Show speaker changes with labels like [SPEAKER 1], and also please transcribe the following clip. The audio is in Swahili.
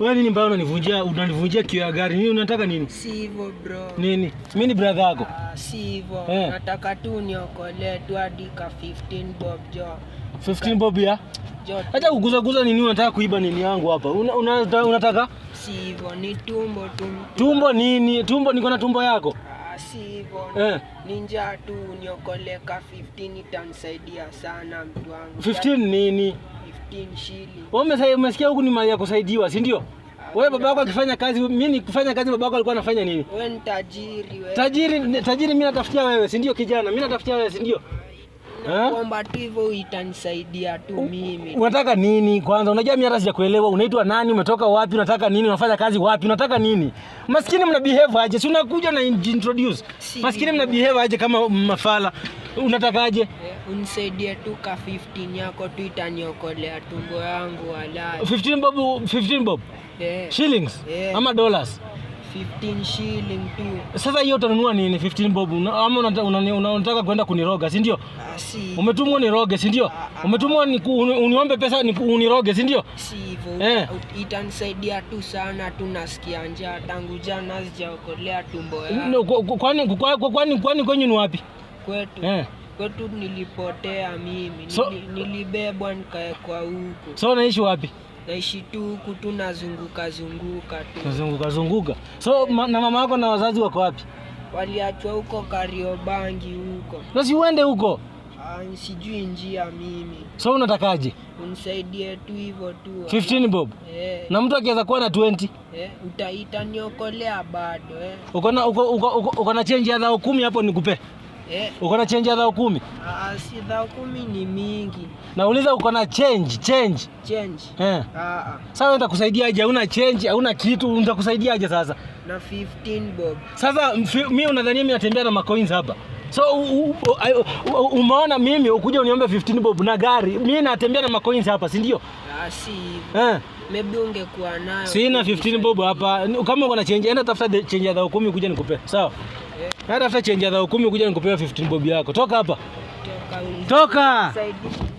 [SPEAKER 1] Wewe nini mbaya unanivunjia unanivunjia kioo ya gari? Nini unataka nini?
[SPEAKER 2] Si hivyo bro.
[SPEAKER 1] Nini? Mimi ni brother yako. Ah,
[SPEAKER 2] si hivyo. Eh. Nataka tu niokole tu hadi ka 15 bob jo.
[SPEAKER 1] 15 bob ya? Jo. Hata kuguza guza nini unataka kuiba nini yangu hapa? Una, una, unataka?
[SPEAKER 2] Si hivyo, ni tumbo tu.
[SPEAKER 1] Tumbo nini? Tumbo niko na tumbo yako.
[SPEAKER 2] Ah, si hivyo. Eh. Ni njaa tu niokole ka 15 itanisaidia sana mtu wangu.
[SPEAKER 1] 15 nini? 15 shilling. Wewe umesikia huku ni mali ya kusaidiwa, si ndio? Wewe baba yako akifanya kazi, mimi nikifanya kazi baba yako alikuwa anafanya nini?
[SPEAKER 2] Wewe ni tajiri wewe.
[SPEAKER 1] Tajiri, tajiri mimi natafutia wewe, si ndio kijana? Mimi natafutia wewe, si ndio?
[SPEAKER 2] Eh? Kwamba tu hivyo itanisaidia tu mimi.
[SPEAKER 1] Unataka nini kwanza? Unajua mimi hata sijakuelewa. Unaitwa nani? Umetoka wapi? Unataka nini? Unafanya kazi wapi? Unataka nini? Maskini mna behave aje? Si unakuja na introduce. Maskini mna behave aje kama mafala? Unatakaje? Eh,
[SPEAKER 2] unisaidie tu ka 15 yako tu itaniokolea tumbo yangu wala.
[SPEAKER 1] 15 bob, 15 bob. Yeah. Shillings yeah. Ama dollars?
[SPEAKER 2] 15 shilling tu.
[SPEAKER 1] Sasa hiyo utanunua nini 15 bob? Ama unataka una, una, una kwenda kuniroga, si ndio?
[SPEAKER 2] Ah, si.
[SPEAKER 1] Umetumwa niroge, si ndio? Ah, ah. umetumwa ni, uniombe pesa ni, uniroge, si ndio?
[SPEAKER 2] Si hivyo. Eh. Itanisaidia tu sana tu, nasikia njaa tangu jana sijaokolea tumbo
[SPEAKER 1] yangu. Kwani kwani kwani kwenyu ni wapi?
[SPEAKER 2] kwetu eh. Kwetu nilipotea mimi so, nilibebwa nikawekwa huko.
[SPEAKER 1] So naishi wapi?
[SPEAKER 2] Naishi tu huku tu, nazunguka zunguka tu,
[SPEAKER 1] nazunguka zunguka. So eh. Ma, na mama yako na wazazi wako wapi?
[SPEAKER 2] Waliachwa huko Kariobangi huko.
[SPEAKER 1] Basi uende huko
[SPEAKER 2] ah, sijui njia mimi.
[SPEAKER 1] So unatakaje?
[SPEAKER 2] Unisaidie tu hivyo tu.
[SPEAKER 1] 15 bob. Eh. Na mtu akiweza kuwa na 20.
[SPEAKER 2] Eh, utaita niokolea bado eh.
[SPEAKER 1] Uko na uko uko, uko, uko na change ya dhao kumi hapo nikupe. Eh. Uko na change ya dhao kumi?
[SPEAKER 2] Ah, si dhao kumi ni mingi.
[SPEAKER 1] Nauliza uko na change, change. Change. Eh. Ah. ah. Sasa kusaidia aje? Hauna change, hauna kitu, kusaidia aje sasa?
[SPEAKER 2] Na 15 bob.
[SPEAKER 1] Sasa mimi unadhania mimi natembea na macoins hapa? So umeona mimi ukuja uniombe 15 bob na gari. Mimi natembea na macoins hapa, si ndio?
[SPEAKER 2] Ah, si hivyo. Eh. Maybe ungekuwa nayo.
[SPEAKER 1] Sina 15 bob hapa. Kama uko na change, enda tafuta change ya dhao kumi kuja nikupe. Sawa? So hata yeah. chenja za 10 kuja nikupewa 15 bob yako. Toka hapa. Toka. Toka. Toka.